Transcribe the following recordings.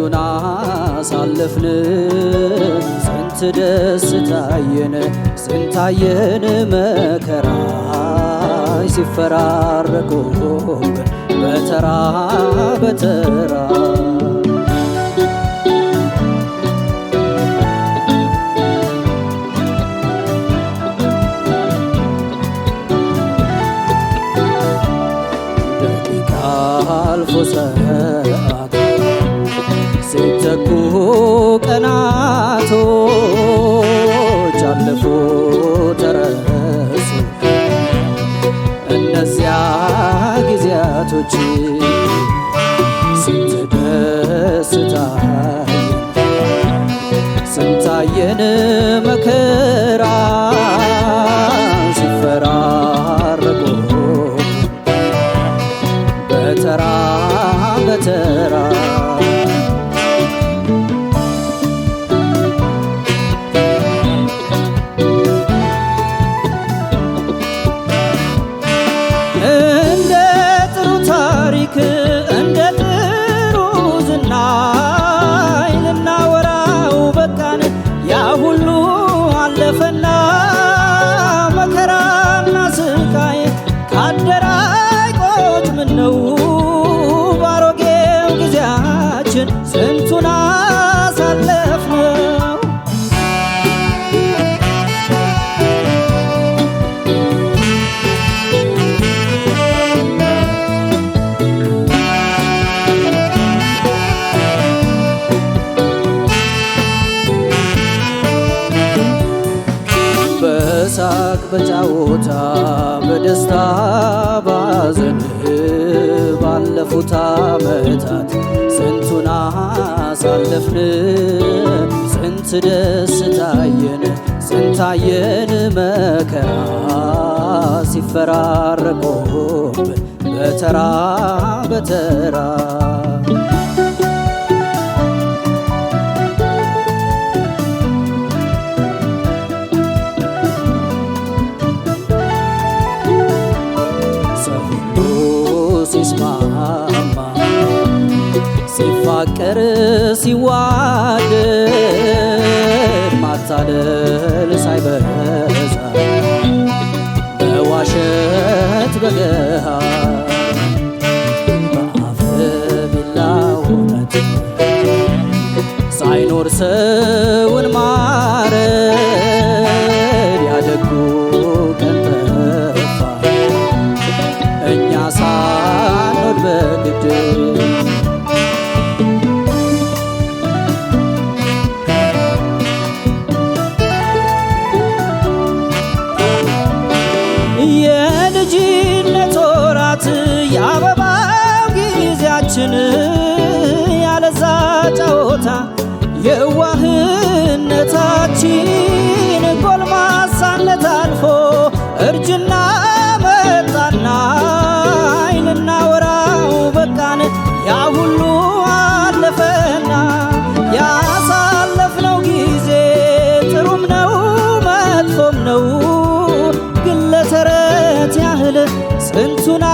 ስንቱን አሳለፍን ስንት ደስታየን ስንታየን መከራ ሲፈራረቁ በተራ በተራ ተረሱ እነዚያ ጊዜያቶች ስንት ደስታ ስንታየን መከ the and ዓመታት ስንቱን አሳለፍን ስንት ደስታየን ስንታየን መከራ ሲፈራረቆብን በተራ በተራ ሲፋቀር ሲዋደድ ማታለል ሳይበዛ በዋሸት በገሃ በአፍ ቢላ ውነት ሳይኖር ሰውን ማረ የዋህነታችን ጎልማሳነት አልፎ እርጅና መጣና አይንና ወራው በቃን ያ ሁሉ አለፈና ያሳለፍነው ጊዜ ጥሩም ነው መጥፎም ነው ግን ለተረት ያህል ስንቱና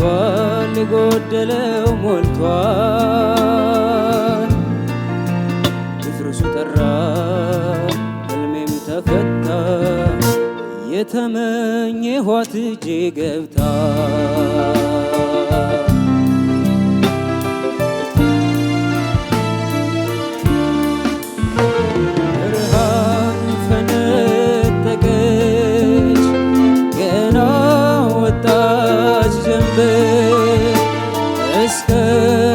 ሞልቷል፣ የጎደለው ሞልቷል። ድፍርሱ ጠራ፣ ህልሜም ተፈታ፣ የተመኘኋት እጄ ገብታ the September. let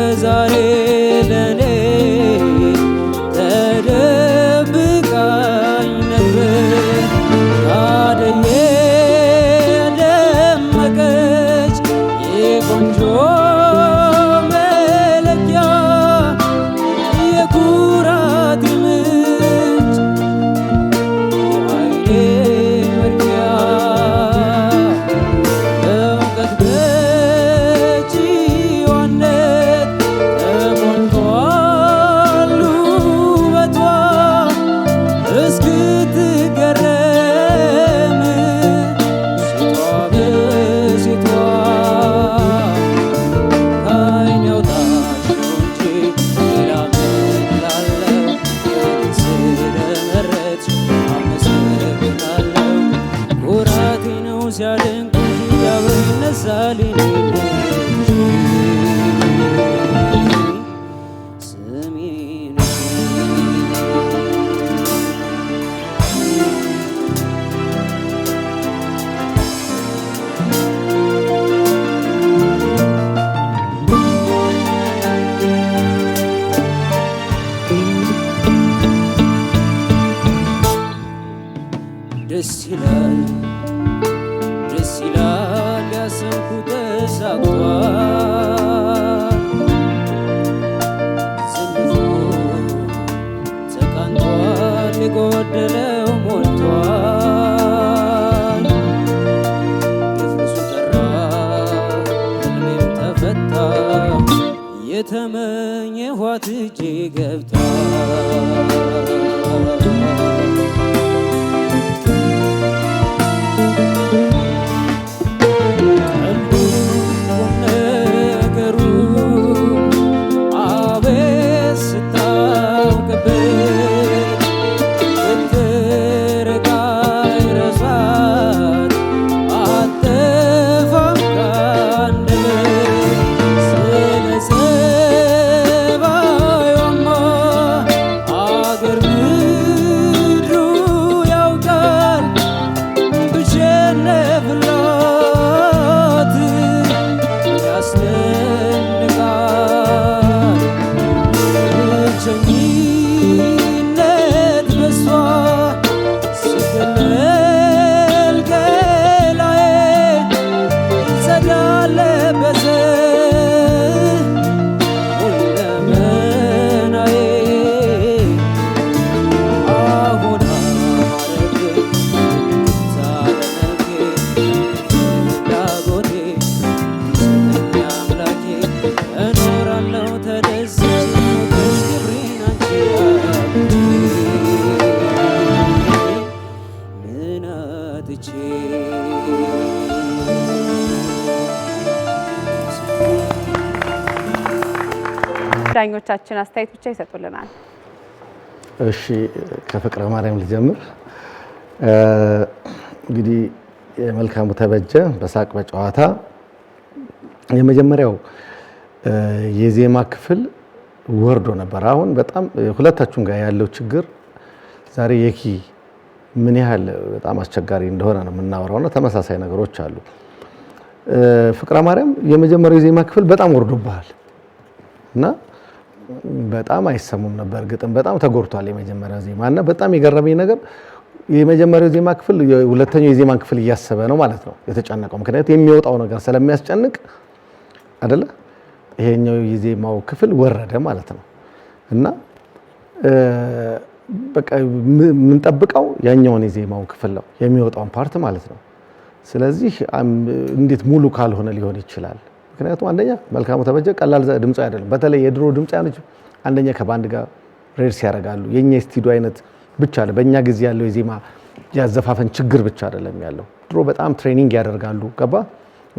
እጄ ገብታ ዳኞቻችን አስተያየት ብቻ ይሰጡልናል። እሺ ከፍቅረ ማርያም ልጀምር። እንግዲህ የመልካሙ ተበጀ በሳቅ በጨዋታ የመጀመሪያው የዜማ ክፍል ወርዶ ነበር። አሁን በጣም ሁለታችሁም ጋር ያለው ችግር ዛሬ የኪ ምን ያህል በጣም አስቸጋሪ እንደሆነ ነው እና ተመሳሳይ ነገሮች አሉ። ፍቅረ ማርያም የመጀመሪያው የዜማ ክፍል በጣም ወርዶብሃል እና በጣም አይሰሙም ነበር። ግጥም በጣም ተጎድቷል። የመጀመሪያው ዜማ እና በጣም የገረመኝ ነገር የመጀመሪያው ዜማ ክፍል ሁለተኛው የዜማን ክፍል እያሰበ ነው ማለት ነው የተጨነቀው። ምክንያት የሚወጣው ነገር ስለሚያስጨንቅ አደለ። ይሄኛው የዜማው ክፍል ወረደ ማለት ነው እና በቃ የምንጠብቀው ያኛውን የዜማው ክፍል ነው የሚወጣውን ፓርት ማለት ነው። ስለዚህ እንዴት ሙሉ ካልሆነ ሊሆን ይችላል ምክንያቱም አንደኛ መልካሙ ተበጀ ቀላል ድምጽ አይደለም። በተለይ የድሮ ድምፃያኖች አንደኛ ከባንድ ጋር ሬድስ ያደርጋሉ። የእኛ የስቱዲዮ አይነት ብቻ አለ። በእኛ ጊዜ ያለው የዜማ ያዘፋፈን ችግር ብቻ አይደለም ያለው። ድሮ በጣም ትሬኒንግ ያደርጋሉ። ገባ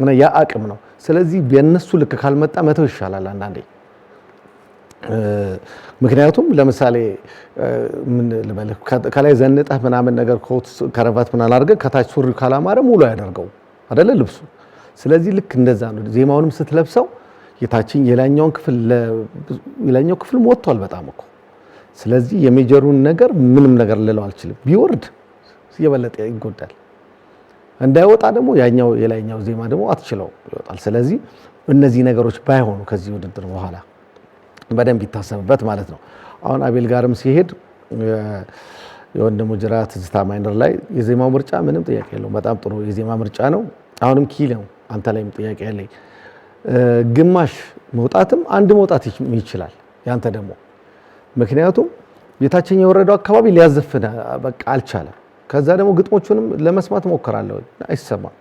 እና ያ አቅም ነው። ስለዚህ የነሱ ልክ ካልመጣ መተው ይሻላል አንዳንዴ። ምክንያቱም ለምሳሌ ምን ልበልህ፣ ከላይ ዘንጠህ ምናምን ነገር ኮት ከረባት ምናምን አድርገህ ከታች ሱሪ ካላማረ ሙሉ አያደርገው አደለ ልብሱ ስለዚህ ልክ እንደዛ ነው። ዜማውንም ስትለብሰው የታችን የላኛውን ክፍል የላኛው ክፍል ወጥቷል በጣም እኮ። ስለዚህ የሜጀሩን ነገር ምንም ነገር ልለው አልችልም። ቢወርድ የበለጠ ይጎዳል። እንዳይወጣ ደግሞ ያኛው የላይኛው ዜማ ደግሞ አትችለው ይወጣል። ስለዚህ እነዚህ ነገሮች ባይሆኑ ከዚህ ውድድር በኋላ በደንብ ይታሰብበት ማለት ነው። አሁን አቤል ጋርም ሲሄድ የወንድሙ ጅራ ትዝታ ማይነር ላይ የዜማው ምርጫ ምንም ጥያቄ የለውም። በጣም ጥሩ የዜማ ምርጫ ነው። አሁንም ኪ ነው አንተ ላይም ጥያቄ ያለኝ ግማሽ መውጣትም አንድ መውጣት ይችላል። ያንተ ደግሞ ምክንያቱም የታችኛው የወረደው አካባቢ ሊያዘፍን በቃ አልቻለም። ከዛ ደግሞ ግጥሞቹንም ለመስማት ሞከራለሁ አይሰማም።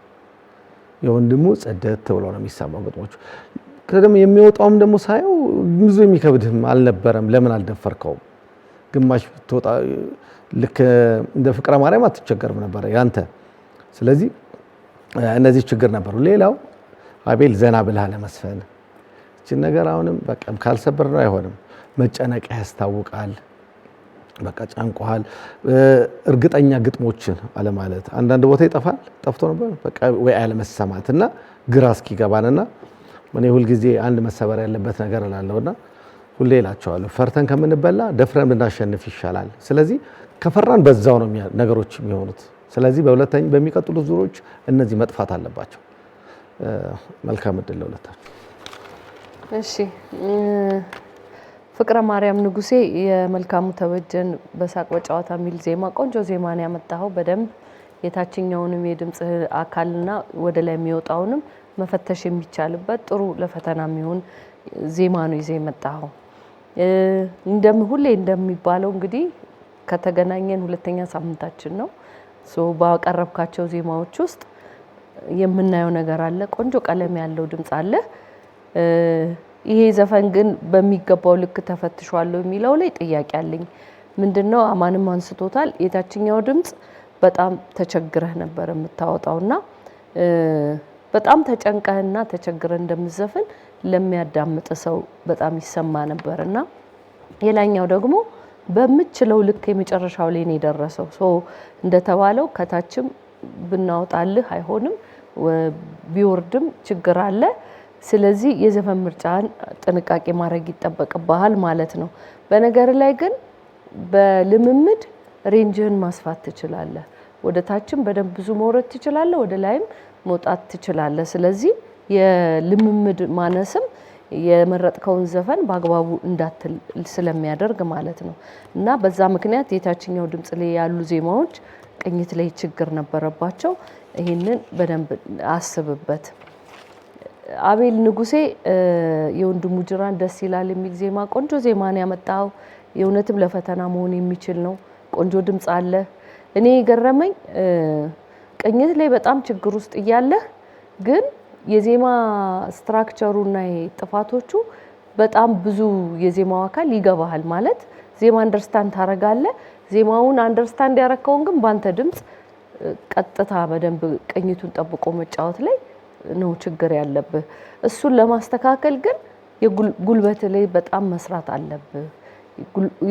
የወንድሙ ጽደት ብሎ ነው የሚሰማው ግጥሞቹ። ደግሞ የሚወጣውም ደግሞ ሳየው ብዙ የሚከብድህም አልነበረም። ለምን አልደፈርከውም? ግማሽ ብትወጣ ልክ እንደ ፍቅረ ማርያም አትቸገርም ነበረ ያንተ ስለዚህ እነዚህ ችግር ነበሩ። ሌላው አቤል ዘና ብላ ለመስፈን እችን ነገር አሁንም በቃ ካልሰበር ነው አይሆንም። መጨነቅ ያስታውቃል። በቃ ጨንቆሃል። እርግጠኛ ግጥሞችን አለማለት አንዳንድ ቦታ ይጠፋል። ጠፍቶ ነበር በቃ ወይ አለመሰማት እና ግራ እስኪገባንና እኔ ሁልጊዜ አንድ መሰበር ያለበት ነገር እላለሁና ሁሌ እላቸዋለሁ፣ ፈርተን ከምንበላ ደፍረን ብናሸንፍ ይሻላል። ስለዚህ ከፈራን በዛው ነው ነገሮች የሚሆኑት። ስለዚህ በሁለተኛ በሚቀጥሉት ዙሮች እነዚህ መጥፋት አለባቸው። መልካም እድል ለሁለታችሁ። እሺ ፍቅረ ማርያም ንጉሴ የመልካሙ ተበጀን በሳቅ በጨዋታ የሚል ዜማ ቆንጆ ዜማን ያመጣኸው በደንብ የታችኛውንም የድምፅ አካልና ወደ ላይ የሚወጣውንም መፈተሽ የሚቻልበት ጥሩ ለፈተና የሚሆን ዜማ ነው ይዘህ የመጣኸው። እንደም ሁሌ እንደሚባለው እንግዲህ ከተገናኘን ሁለተኛ ሳምንታችን ነው። ሶ ባቀረብካቸው ዜማዎች ውስጥ የምናየው ነገር አለ። ቆንጆ ቀለም ያለው ድምፅ አለ። ይሄ ዘፈን ግን በሚገባው ልክ ተፈትሿለሁ የሚለው ላይ ጥያቄ አለኝ። ምንድን ነው አማንም አንስቶታል። የታችኛው ድምፅ በጣም ተቸግረህ ነበር የምታወጣው እና በጣም ተጨንቀህና ተቸግረህ እንደምትዘፍን ለሚያዳምጥ ሰው በጣም ይሰማ ነበር እና ሌላኛው ደግሞ በምችለው ልክ የመጨረሻው ላይ ነው የደረሰው። ሶ እንደተባለው ከታችም ብናወጣልህ አይሆንም፣ ቢወርድም ችግር አለ። ስለዚህ የዘፈን ምርጫን ጥንቃቄ ማድረግ ይጠበቅብሃል ማለት ነው። በነገር ላይ ግን በልምምድ ሬንጅህን ማስፋት ትችላለህ። ወደ ታችም በደንብ ብዙ መውረድ ትችላለህ፣ ወደ ላይም መውጣት ትችላለህ። ስለዚህ የልምምድ ማነስም የመረጥከውን ዘፈን በአግባቡ እንዳትል ስለሚያደርግ ማለት ነው። እና በዛ ምክንያት የታችኛው ድምጽ ላይ ያሉ ዜማዎች ቅኝት ላይ ችግር ነበረባቸው። ይህንን በደንብ አስብበት። አቤል ንጉሴ የወንድሙ ጅራን ደስ ይላል የሚል ዜማ ቆንጆ ዜማን ያመጣው የእውነትም ለፈተና መሆን የሚችል ነው። ቆንጆ ድምፅ አለ። እኔ የገረመኝ ቅኝት ላይ በጣም ችግር ውስጥ እያለህ ግን የዜማ ስትራክቸሩና ጥፋቶቹ በጣም ብዙ የዜማው አካል ይገባሃል ማለት ዜማ አንደርስታንድ ታረጋለ። ዜማውን አንደርስታንድ ያረከውን ግን በአንተ ድምፅ ቀጥታ በደንብ ቅኝቱን ጠብቆ መጫወት ላይ ነው ችግር ያለብህ። እሱን ለማስተካከል ግን የጉልበት ላይ በጣም መስራት አለብህ።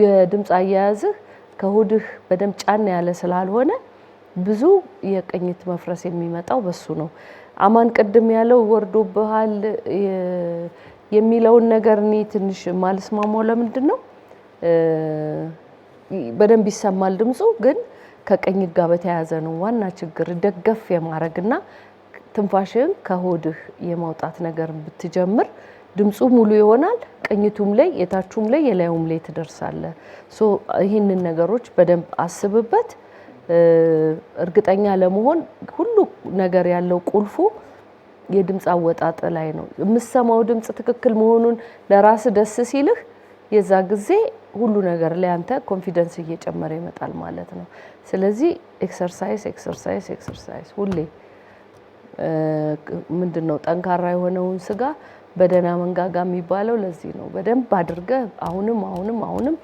የድምፅ አያያዝህ ከሆድህ በደንብ ጫን ያለ ስላልሆነ ብዙ የቅኝት መፍረስ የሚመጣው በሱ ነው። አማን ቅድም ያለው ወርዶብሃል የሚለውን ነገር እኔ ትንሽ ማልስማማው ለምንድን ነው በደንብ ይሰማል ድምፁ፣ ግን ከቀኝ ጋር በተያያዘ ነው ዋና ችግር። ደገፍ የማድረግና ትንፋሽን ከሆድህ የማውጣት ነገር ብትጀምር ድምፁ ሙሉ ይሆናል። ቅኝቱም ላይ የታቹም ላይ የላዩም ላይ ትደርሳለህ። ይህንን ነገሮች በደንብ አስብበት። እርግጠኛ ለመሆን ሁሉ ነገር ያለው ቁልፉ የድምፅ አወጣጥ ላይ ነው። የምሰማው ድምፅ ትክክል መሆኑን ለራስ ደስ ሲልህ የዛ ጊዜ ሁሉ ነገር ላይ አንተ ኮንፊደንስ እየጨመረ ይመጣል ማለት ነው። ስለዚህ ኤክሰርሳይዝ ኤክሰርሳይዝ ኤክሰርሳይዝ ሁሌ ምንድን ነው ጠንካራ የሆነውን ስጋ በደህና መንጋጋ የሚባለው ለዚህ ነው። በደንብ አድርገህ አሁንም አሁንም አሁንም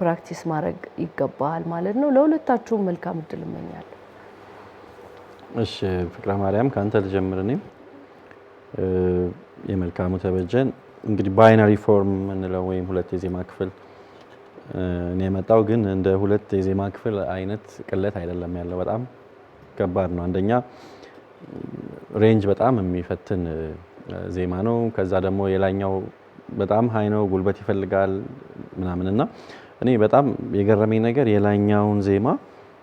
ፕራክቲስ ማድረግ ይገባሃል ማለት ነው። ለሁለታችሁም መልካም እድል እመኛለሁ። እሺ ፍቅረ ማርያም ከአንተ ልጀምር። እኔም የመልካሙ ተበጀን እንግዲህ ባይናሪ ፎርም የምንለው ወይም ሁለት የዜማ ክፍል እኔ የመጣው ግን እንደ ሁለት የዜማ ክፍል አይነት ቅለት አይደለም ያለው፣ በጣም ከባድ ነው። አንደኛ ሬንጅ በጣም የሚፈትን ዜማ ነው። ከዛ ደግሞ የላኛው በጣም ሀይ ነው፣ ጉልበት ይፈልጋል ምናምን እና እኔ በጣም የገረመኝ ነገር የላኛውን ዜማ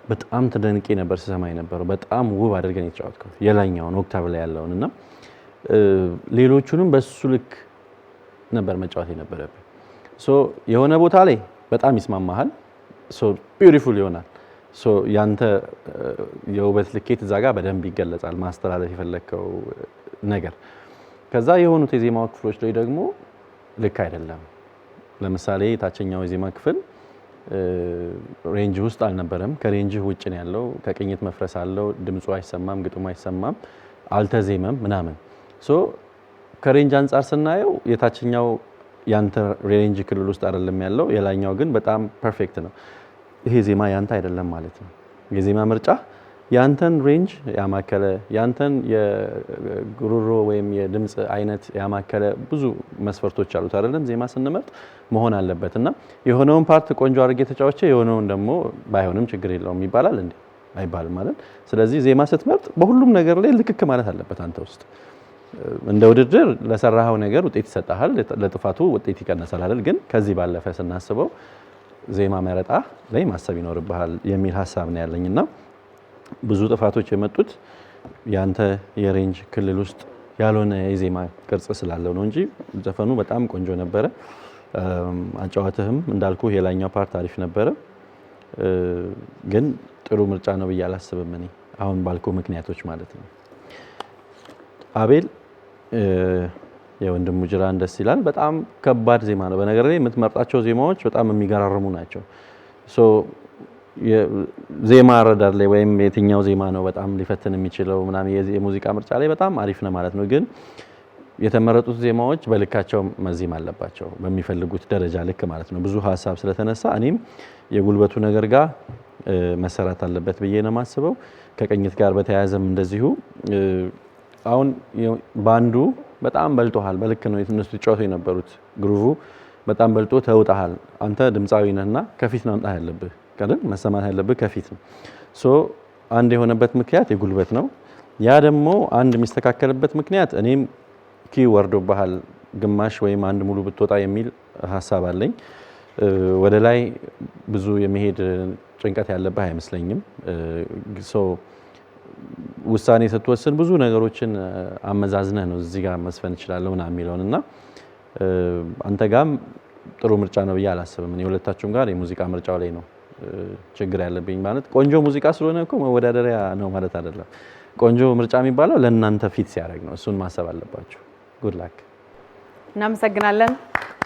በጣም ተደንቄ ነበር ስሰማ የነበረው። በጣም ውብ አድርገን የተጫወትኩት የላኛውን ኦክታቭ ላይ ያለውን እና ሌሎቹንም በሱ ልክ ነበር መጫወት የነበረብኝ። የሆነ ቦታ ላይ በጣም ይስማማሃል፣ ቢዩቲፉል ይሆናል። ያንተ የውበት ልኬት እዛ ጋር በደንብ ይገለጻል፣ ማስተላለፍ የፈለግከው ነገር። ከዛ የሆኑት የዜማው ክፍሎች ላይ ደግሞ ልክ አይደለም። ለምሳሌ ታችኛው የዜማ ክፍል ሬንጅ ውስጥ አልነበረም። ከሬንጅህ ውጭ ነው ያለው። ከቅኝት መፍረስ አለው። ድምፁ አይሰማም፣ ግጥሙ አይሰማም፣ አልተዜመም ምናምን። ሶ ከሬንጅ አንጻር ስናየው የታችኛው ያንተ ሬንጅ ክልል ውስጥ አይደለም ያለው፣ የላይኛው ግን በጣም ፐርፌክት ነው። ይሄ ዜማ ያንተ አይደለም ማለት ነው የዜማ ምርጫ ያንተን ሬንጅ ያማከለ ያንተን የጉሮሮ ወይም የድምፅ አይነት ያማከለ ብዙ መስፈርቶች አሉት አይደለም። ዜማ ስንመርጥ መሆን አለበት እና የሆነውን ፓርት ቆንጆ አድርጌ ተጫወቼ የሆነውን ደግሞ ባይሆንም ችግር የለውም ይባላል እንዲ አይባልም ማለት። ስለዚህ ዜማ ስትመርጥ በሁሉም ነገር ላይ ልክክ ማለት አለበት አንተ ውስጥ እንደ ውድድር ለሰራኸው ነገር ውጤት ይሰጠሃል ለጥፋቱ ውጤት ይቀነሳል አይደል? ግን ከዚህ ባለፈ ስናስበው ዜማ መረጣ ላይ ማሰብ ይኖርብሃል የሚል ሀሳብ ነው ያለኝና ብዙ ጥፋቶች የመጡት ያንተ የሬንጅ ክልል ውስጥ ያልሆነ የዜማ ቅርጽ ስላለው ነው እንጂ ዘፈኑ በጣም ቆንጆ ነበረ። አጫዋትህም እንዳልኩ የላይኛው ፓርት አሪፍ ነበረ፣ ግን ጥሩ ምርጫ ነው ብዬ አላስብም እኔ አሁን ባልኩ ምክንያቶች ማለት ነው። አቤል የወንድሙ ጅራን ደስ ይላል። በጣም ከባድ ዜማ ነው። በነገር ላይ የምትመርጣቸው ዜማዎች በጣም የሚገራርሙ ናቸው። ዜማ ረዳድ ላይ ወይም የትኛው ዜማ ነው በጣም ሊፈትን የሚችለው ምናምን የሙዚቃ ምርጫ ላይ በጣም አሪፍ ነው ማለት ነው። ግን የተመረጡት ዜማዎች በልካቸው መዜም አለባቸው በሚፈልጉት ደረጃ ልክ ማለት ነው። ብዙ ሀሳብ ስለተነሳ እኔም የጉልበቱ ነገር ጋር መሰራት አለበት ብዬ ነው የማስበው። ከቅኝት ጋር በተያያዘም እንደዚሁ አሁን ባንዱ በጣም በልጦሃል፣ በልክ ነው እነሱ ሲጫወቱ የነበሩት ግሩቡ በጣም በልጦ ተውጠሃል። አንተ ድምፃዊ ነህና ከፊት ማምጣት ያለብህ ቀደም መሰማት ያለብህ ከፊት ነው። ሶ አንድ የሆነበት ምክንያት የጉልበት ነው። ያ ደግሞ አንድ የሚስተካከልበት ምክንያት እኔም ኪ ወርዶብሃል ግማሽ ወይም አንድ ሙሉ ብትወጣ የሚል ሀሳብ አለኝ። ወደ ላይ ብዙ የመሄድ ጭንቀት ያለብህ አይመስለኝም። ውሳኔ ስትወስን ብዙ ነገሮችን አመዛዝነህ ነው እዚህ ጋር መስፈን እችላለሁ ምናምን የሚለውን እና አንተ ጋም ጥሩ ምርጫ ነው ብዬ አላስብም። የሁለታችሁም ጋር የሙዚቃ ምርጫው ላይ ነው ችግር ያለብኝ ማለት ቆንጆ ሙዚቃ ስለሆነ እኮ መወዳደሪያ ነው ማለት አይደለም። ቆንጆ ምርጫ የሚባለው ለእናንተ ፊት ሲያደርግ ነው። እሱን ማሰብ አለባቸው። ጉድ ላክ። እናመሰግናለን።